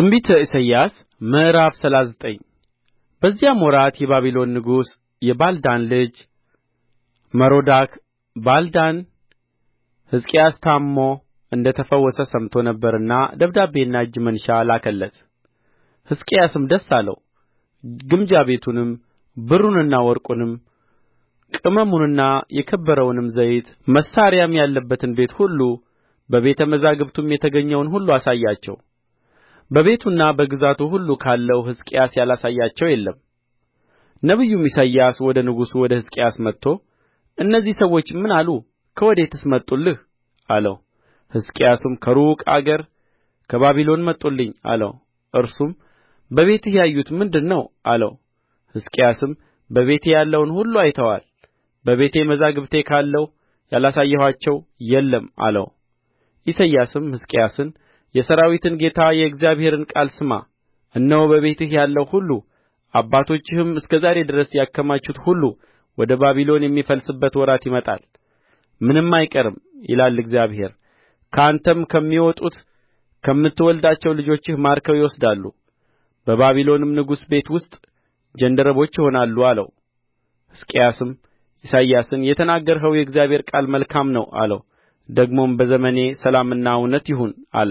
ትንቢተ ኢሳይያስ ምዕራፍ ሰላሳ ዘጠኝ በዚያም ወራት የባቢሎን ንጉሥ የባልዳን ልጅ መሮዳክ ባልዳን ሕዝቅያስ ታምሞ እንደ ተፈወሰ ሰምቶ ነበርና ደብዳቤና እጅ መንሻ ላከለት። ሕዝቅያስም ደስ አለው። ግምጃ ቤቱንም ብሩንና ወርቁንም ቅመሙንና የከበረውንም ዘይት መሣሪያም ያለበትን ቤት ሁሉ በቤተ መዛግብቱም የተገኘውን ሁሉ አሳያቸው። በቤቱና በግዛቱ ሁሉ ካለው ሕዝቅያስ ያላሳያቸው የለም ነቢዩም ኢሳይያስ ወደ ንጉሡ ወደ ሕዝቅያስ መጥቶ እነዚህ ሰዎች ምን አሉ ከወዴትስ መጡልህ አለው ሕዝቅያስም ከሩቅ አገር ከባቢሎን መጡልኝ አለው እርሱም በቤትህ ያዩት ምንድር ነው አለው ሕዝቅያስም በቤቴ ያለውን ሁሉ አይተዋል በቤቴ መዛግብቴ ካለው ያላሳየኋቸው የለም አለው ኢሳይያስም ሕዝቅያስን የሠራዊትን ጌታ የእግዚአብሔርን ቃል ስማ እነሆ በቤትህ ያለው ሁሉ አባቶችህም እስከ ዛሬ ድረስ ያከማቹት ሁሉ ወደ ባቢሎን የሚፈልስበት ወራት ይመጣል ምንም አይቀርም ይላል እግዚአብሔር ከአንተም ከሚወጡት ከምትወልዳቸው ልጆችህ ማርከው ይወስዳሉ በባቢሎንም ንጉሥ ቤት ውስጥ ጃንደረቦች ይሆናሉ አለው ሕዝቅያስም ኢሳይያስን የተናገርኸው የእግዚአብሔር ቃል መልካም ነው አለው ደግሞም በዘመኔ ሰላምና እውነት ይሁን አለ